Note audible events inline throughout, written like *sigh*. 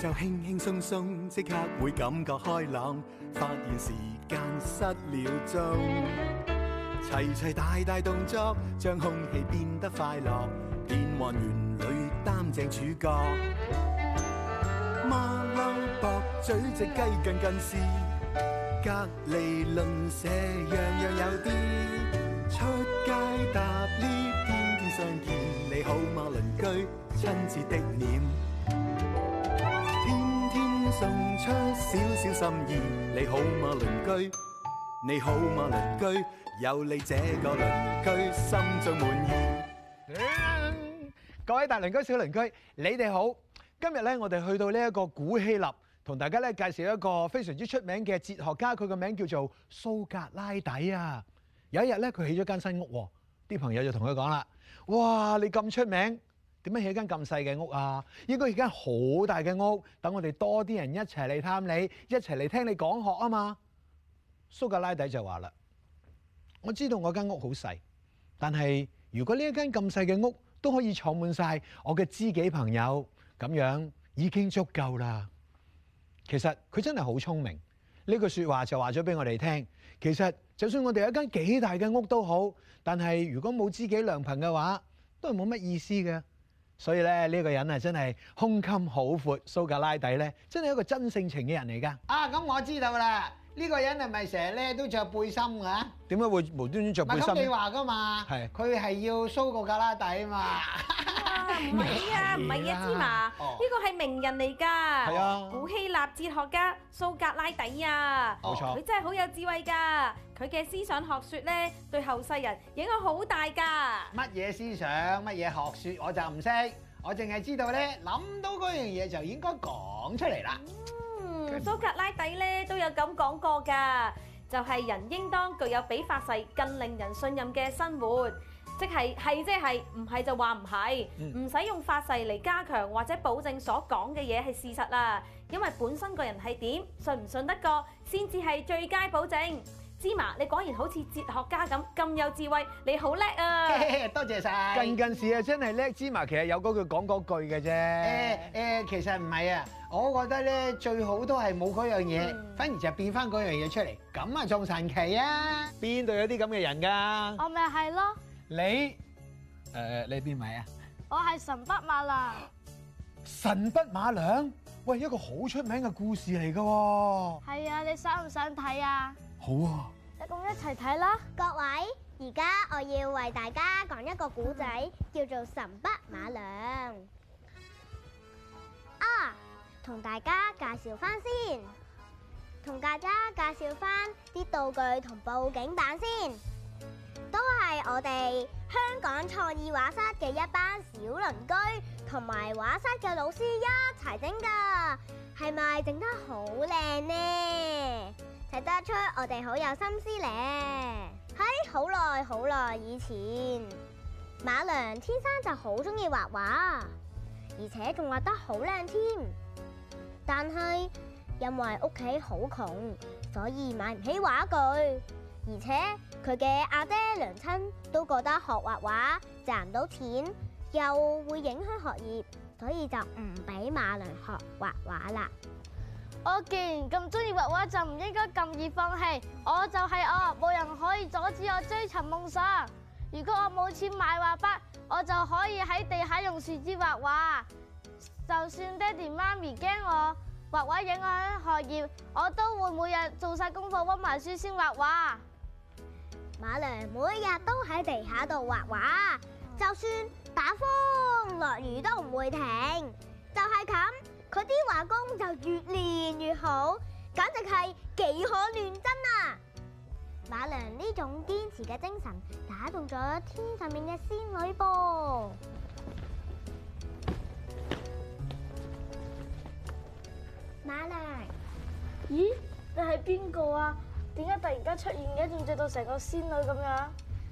就輕輕鬆鬆，即刻會感覺開朗，發現時間失了蹤。齊齊大大動作，將空氣變得快樂，變幻園裏擔正主角。馬騮駁嘴隻雞近近視，隔籬鄰舍樣樣有啲。出街搭 lift，天天相見，你好嗎？鄰居親切的臉。送出少少心意，你好嘛，鄰居？你好嘛，鄰居？有你這個鄰居，心中滿意。哎、呀各位大鄰居、小鄰居，你哋好。今日咧，我哋去到呢一個古希臘，同大家咧介紹一個非常之出名嘅哲學家，佢個名叫做蘇格拉底啊。有一日咧，佢起咗間新屋，啲朋友就同佢講啦：哇，你咁出名！點解起間咁細嘅屋啊？應該起間好大嘅屋，等我哋多啲人一齊嚟探你，一齊嚟聽你講學啊嘛！蘇格拉底就話啦：我知道我間屋好細，但係如果呢一間咁細嘅屋都可以坐滿晒我嘅知己朋友咁樣，已經足夠啦。其實佢真係好聰明，呢句説話就話咗俾我哋聽。其實就算我哋有一間幾大嘅屋都好，但係如果冇知己良朋嘅話，都係冇乜意思嘅。所以咧，呢個人啊真係胸襟好闊。蘇格拉底咧真係一個真性情嘅人嚟噶。啊咁我知道啦，呢個人係咪成日咧都着背心㗎？點解會無端端着背心？咁你話㗎嘛？係佢係要蘇格拉底啊嘛。啊 *laughs* 唔係啊，唔係啊，啊芝麻，呢、哦、個係名人嚟噶，啊、古希臘哲學家蘇格拉底啊，冇錯佢、哦、真係好有智慧噶，佢嘅、哦、思想學說咧，對後世人影響好大噶。乜嘢思想？乜嘢學說？我就唔識，我淨係知道咧，諗到嗰樣嘢就應該講出嚟啦。蘇、嗯、格拉底咧都有咁講過噶，就係、是、人應當具有比發誓更令人信任嘅生活。即係係即係唔係就話唔係，唔使用發誓嚟加強或者保證所講嘅嘢係事實啦。因為本身個人係點，信唔信得過先至係最佳保證。芝麻，你果然好似哲學家咁咁有智慧，你好叻啊！多謝晒。近近時啊，真係叻，芝麻其實有嗰句講嗰句嘅啫。誒誒，其實唔係啊，我覺得咧最好都係冇嗰樣嘢，反而就變翻嗰樣嘢出嚟，咁啊仲神奇啊！邊度有啲咁嘅人㗎？我咪係咯。你誒、呃，你邊位啊？我係神筆馬良。神筆馬良，喂，一個好出名嘅故事嚟噶。係啊，你想唔想睇啊？好啊。就咁一齊睇啦，各位。而家我要為大家講一個古仔， *laughs* 叫做神筆馬良。啊，同大家介紹翻先，同大家介紹翻啲道具同布景板先。都係我哋香港創意畫室嘅一班小鄰居同埋畫室嘅老師一齊整噶，係咪整得好靚呢？睇得出我哋好有心思咧。喺好耐好耐以前，馬良天生就好中意畫畫，而且仲畫得好靚添。但係因為屋企好窮，所以買唔起畫具。.而且佢嘅阿爹，爹、娘親都覺得學畫畫賺唔到錢，又會影響學業，所以就唔俾馬良學畫畫啦。我既然咁中意畫畫，就唔應該咁易放棄。我就係我，冇人可以阻止我追尋夢想。如果我冇錢買畫筆，我就可以喺地下用樹枝畫畫。就算爹哋媽咪驚我畫畫影響學業，我都會每日做晒功課溫埋書先畫畫。馬良每日都喺地下度畫畫，就算打風落雨都唔會停。就係咁，佢啲畫功就越練越好，簡直係幾可亂真啊！馬良呢種堅持嘅精神打動咗天上面嘅仙女噃。馬良，咦，你係邊個啊？點解突然間出現嘅？仲着到成個仙女咁樣？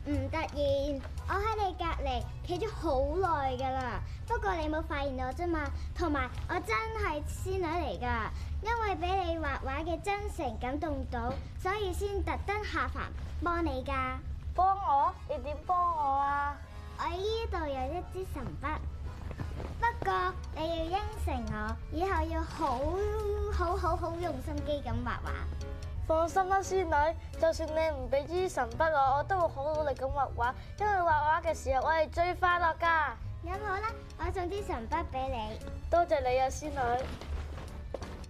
唔突然，我喺你隔離企咗好耐噶啦。不過你冇發現我啫嘛。同埋我真係仙女嚟噶，因為俾你畫畫嘅真誠感動到，所以先特登下凡幫你㗎。幫我？你點幫我啊？我呢度有一支神筆，不過你要應承我，以後要好好好好用心機咁畫畫。放心啦，仙女，就算你唔俾支神筆我，我都會好努力咁畫畫。因為畫畫嘅時候，我係最快樂噶。咁好啦，我送支神筆俾你。多謝你啊，仙女。誒、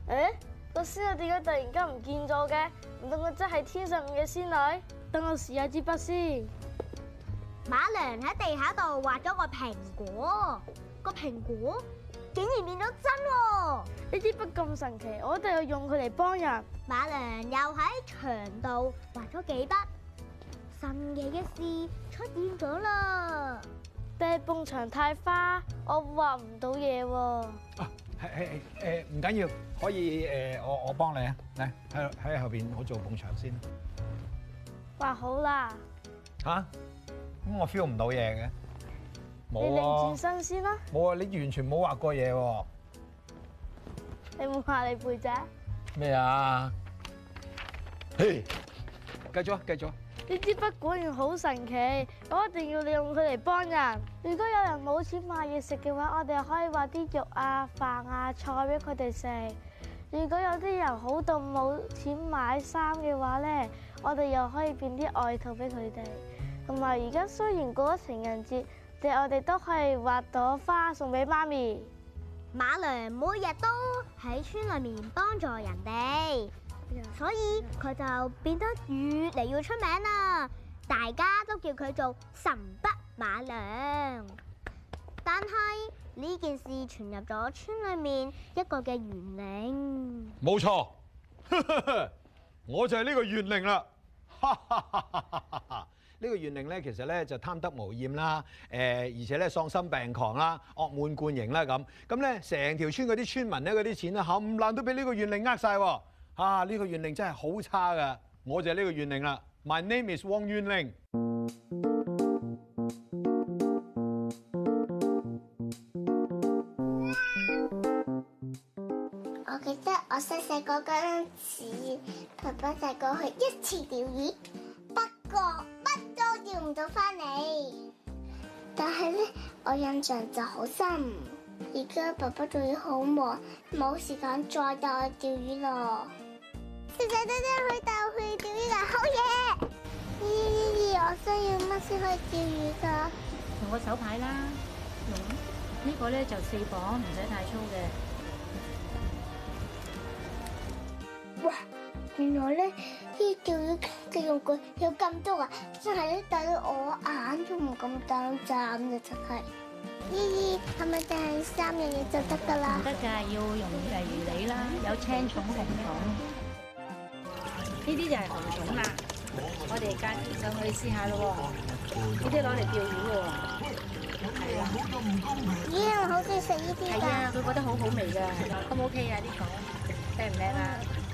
欸，個仙女點解突然間唔見咗嘅？唔通我真係天上嘅仙女？等我試下支筆先。馬良喺地下度畫咗個蘋果，個蘋果。竟然變咗真喎！呢啲筆咁神奇，我一定要用佢嚟幫人。馬良又喺牆度畫咗幾筆，神奇嘅事出現咗啦！但係埲牆太花，我畫唔到嘢喎。誒誒誒，唔緊要，可以誒，我我幫你啊，嚟喺喺後邊我做埲牆先。畫好啦。吓？咁我 feel 唔到嘢嘅。啊、你擰轉身先啦，啊！冇啊！你完全冇畫過嘢喎！啊！你冇畫你背脊咩啊？嘿，hey，繼續啊！繼續，啊。呢啲筆管好神奇，我一定要利用佢嚟幫人。如果有人冇錢買嘢食嘅話，我哋可以畫啲肉啊，飯啊、菜俾佢哋食。如果有啲人好凍冇錢買衫嘅話咧，我哋又可以變啲外套俾佢哋。同埋而家雖然過咗情人節。我哋都係畫朵花送俾媽咪。馬良每日都喺村裏面幫助人哋，所以佢就變得越嚟越出名啦。大家都叫佢做神筆馬良。但係呢件事傳入咗村裏面一個嘅縣令。冇沒錯， *laughs* 我就係呢個縣令啦。 *laughs* 個令呢個袁凌咧，其實咧就貪得無厭啦，誒、呃，而且咧喪心病狂啦，惡滿貫盈啦咁，咁咧成條村嗰啲村民咧嗰啲錢呢啊冚爛都俾呢個袁凌呃晒喎，啊呢、呢個袁凌真係好差㗎，我就係呢個袁凌啦，My name is Wang Yuan Ling。我記得我細細嗰陣時，爸爸帶過去一次釣魚。到翻嚟，但係咧，我印象就好深。而家爸爸仲要好忙，冇時間再帶我釣魚咯。小仔仔，你去帶我去釣魚啦，好嘢！咦咦咦，我需要乜先可以釣魚噶？用個手牌啦，用、嗯這個、呢個咧就四磅，唔使太粗嘅。原來咧，啲釣魚嘅用具有咁多啊，真係咧睇到我眼都唔敢眨眨啦！真係，姨姨係咪淨係三樣嘢就得㗎啦？唔得㗎，要用誒魚餌啦，有青蟲、紅蟲。呢啲就係紅蟲啦，我哋跟上去試下咯喎，呢啲攞嚟釣魚喎。咦，我好中意食呢啲㗎。係啊，佢覺得好好味㗎。O 唔 OK 啊？啲蟲靚唔靚啊？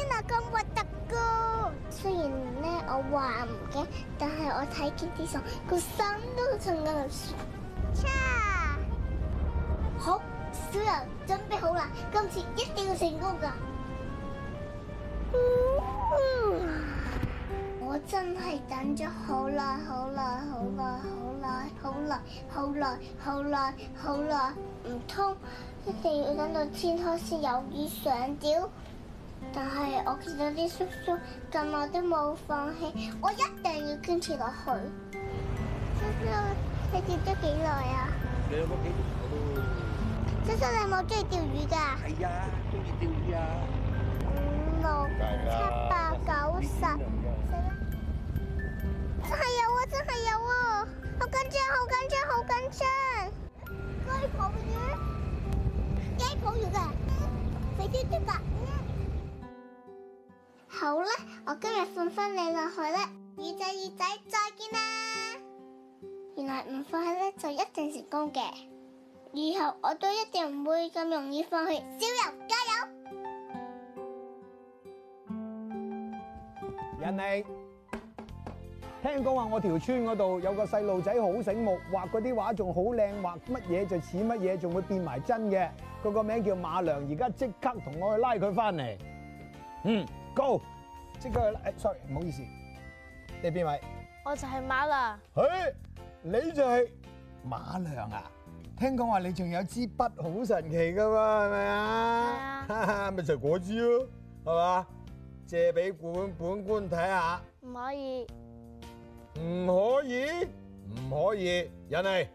邊啊咁核突噶！雖然咧我話唔驚，但係我睇見啲上個身都從嗰度好，小人準備好啦，今次一定要成功噶！嗯嗯、我真係等咗好耐，好耐，好耐，好耐，好耐，好耐，好耐，好耐，唔通一定要等到天黑先有魚上釣。但係我見到啲叔叔咁，我都冇放棄，我一定要堅持落去。叔叔，你釣咗幾耐啊？你有冇幾多條？叔叔，你冇中意釣魚噶？係啊、哎，中意釣魚啊！五六七八九十，真係有啊！真係有啊！好緊張，好緊張，好緊張！雞抱魚，雞抱魚嘅、嗯，肥嘟嘟噶。好啦，我今日放翻你落去啦，魚仔二仔再見啦！原來唔放去咧就一定成功嘅，以後我都一定唔會咁容易放棄，小柔加油！人哋來聽講話我條村嗰度有個細路仔好醒目，畫嗰啲畫仲好靚，畫乜嘢就似乜嘢，仲會變埋真嘅。佢個名叫馬良，而家即刻同我去拉佢翻嚟。嗯，Go！即刻去！誒，sorry，唔好意思，你邊位？我就係馬良。誒，你就係馬良啊？聽講話你仲有支筆好神奇噶喎，係咪啊？啊！咪就係嗰支咯，係嘛？借俾本本官睇下。唔可以。唔可以？唔可以！人氣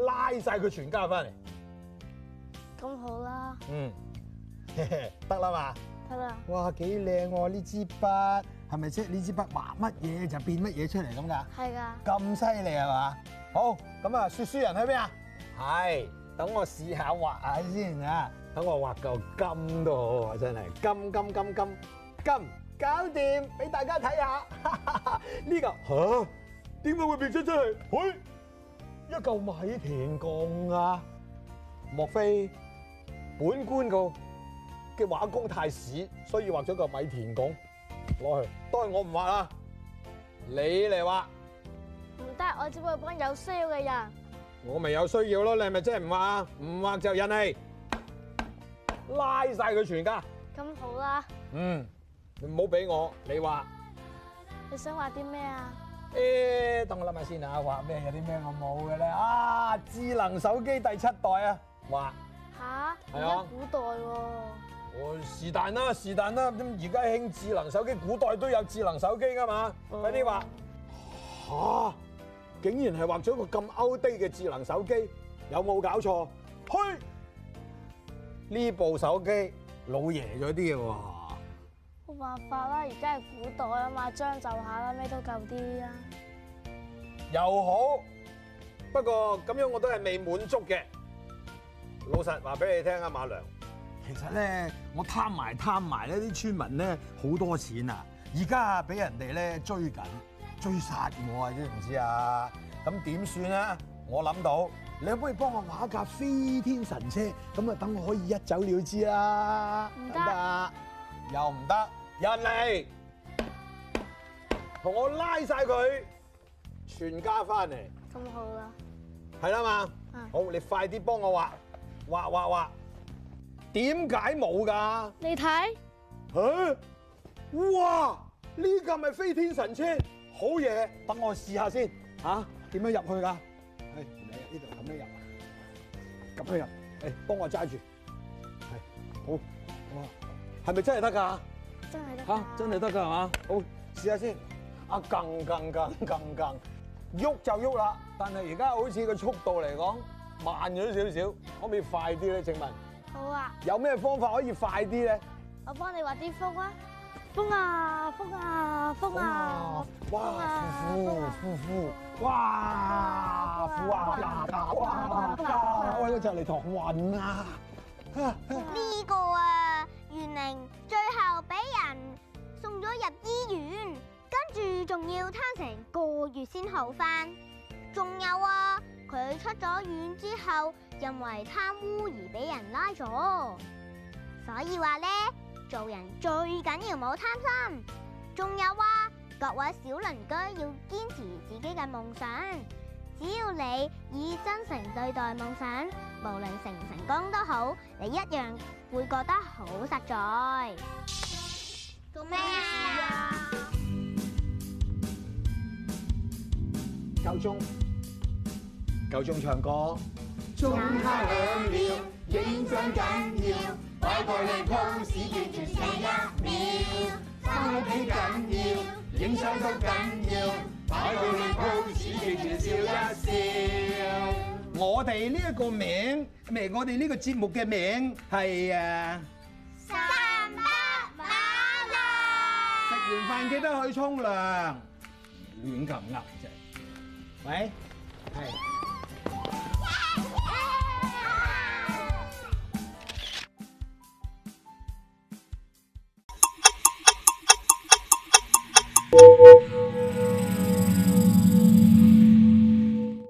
拉曬佢全家翻嚟。咁好啦。嗯。得啦嘛。哇，幾靚喎！呢支筆係咪即係呢支筆畫乜嘢就變乜嘢出嚟咁噶？係噶，咁犀利係嘛？好，咁啊，說書人係咩啊？係，等我試下畫下先啊！等我畫嚿金都好啊，真係金金金金金，搞掂，俾大家睇下。呢個吓，點解會變出出嚟？哎，一嚿米田共啊！莫非本官個嘅畫工太屎，所以畫咗個米田共攞去。當然我唔畫啦，你嚟畫。唔得，我只會幫有需要嘅人。我咪有需要咯，你係咪真係唔畫啊？唔畫就忍氣，拉曬佢全家。咁好啦。嗯，你唔好俾我，你畫。你想畫啲咩啊？誒，等我諗下先啊。畫咩？有啲咩我冇嘅咧？啊，智能手機第七代啊，畫。嚇！係呀，古代喎。哦，是但啦，是但啦。咁而家興智能手機，古代都有智能手機噶嘛。快啲話吓，竟然係畫咗個咁 outdated 嘅智能手機，有冇搞錯？嘘，呢部手機老爺咗啲嘅喎。冇辦法啦，而家係古代啊嘛，將就下啦，咩都夠啲啦。又好，不過咁樣我都係未滿足嘅。老實話俾你聽啊，馬良。其實咧，我貪埋貪埋呢啲村民咧好多錢啊！而家啊俾人哋咧追緊追殺我啊！知唔知啊？咁點算啊？我諗到，你可唔可以幫我畫一架飛天神車，咁啊等我可以一走了之啦，啊。唔得得唔得啊，又唔得，人嚟同我拉晒佢全家翻嚟。咁好啦，啊，係啦嘛，嗯、好你快啲幫我畫畫畫畫。駕駕駕駕點解冇㗎？你睇看，嚇、啊！哇！呢架咪飛天神車，好嘢！等我試下先吓，點樣入去㗎？係呢度咁樣入啊，咁、哎、樣入。誒、哎，幫我揸住，係好。咁哇，係咪真係得㗎？真係得吓，真係得㗎係嘛？好，試、啊啊、下先。啊，更更更更更，喐就喐啦。但係而家好似個速度嚟講慢咗少少，可唔可以快啲咧？請問？好啊，有咩方法可以快啲咧？我幫你畫啲福啊，風啊，風啊，風啊，哇，呼呼呼呼，哇，呼啊，哇，哇，我呢就嚟頭暈啊！呢個啊，袁寧最後俾人送咗入醫院，跟住仲要攤成個月先好翻。仲有啊！佢出咗院之後，因為貪污而俾人拉咗，所以話咧，做人最緊要冇貪心。仲有啊，各位小鄰居要堅持自己嘅夢想，只要你以真誠對待夢想，無論成唔成功都好，你一樣會覺得好實在。做咩啊？夠鐘。夠鐘唱歌，鐘敲響了，影相緊要，擺個靚 pose 記住笑一秒，返屋企緊要，影相都緊要，擺個靚 pose 記住笑一笑。我哋呢一個名，唔係我哋呢個節目嘅名，係啊，三百萬啦！食完飯記得去沖涼，亂咁噏啫。喂，係。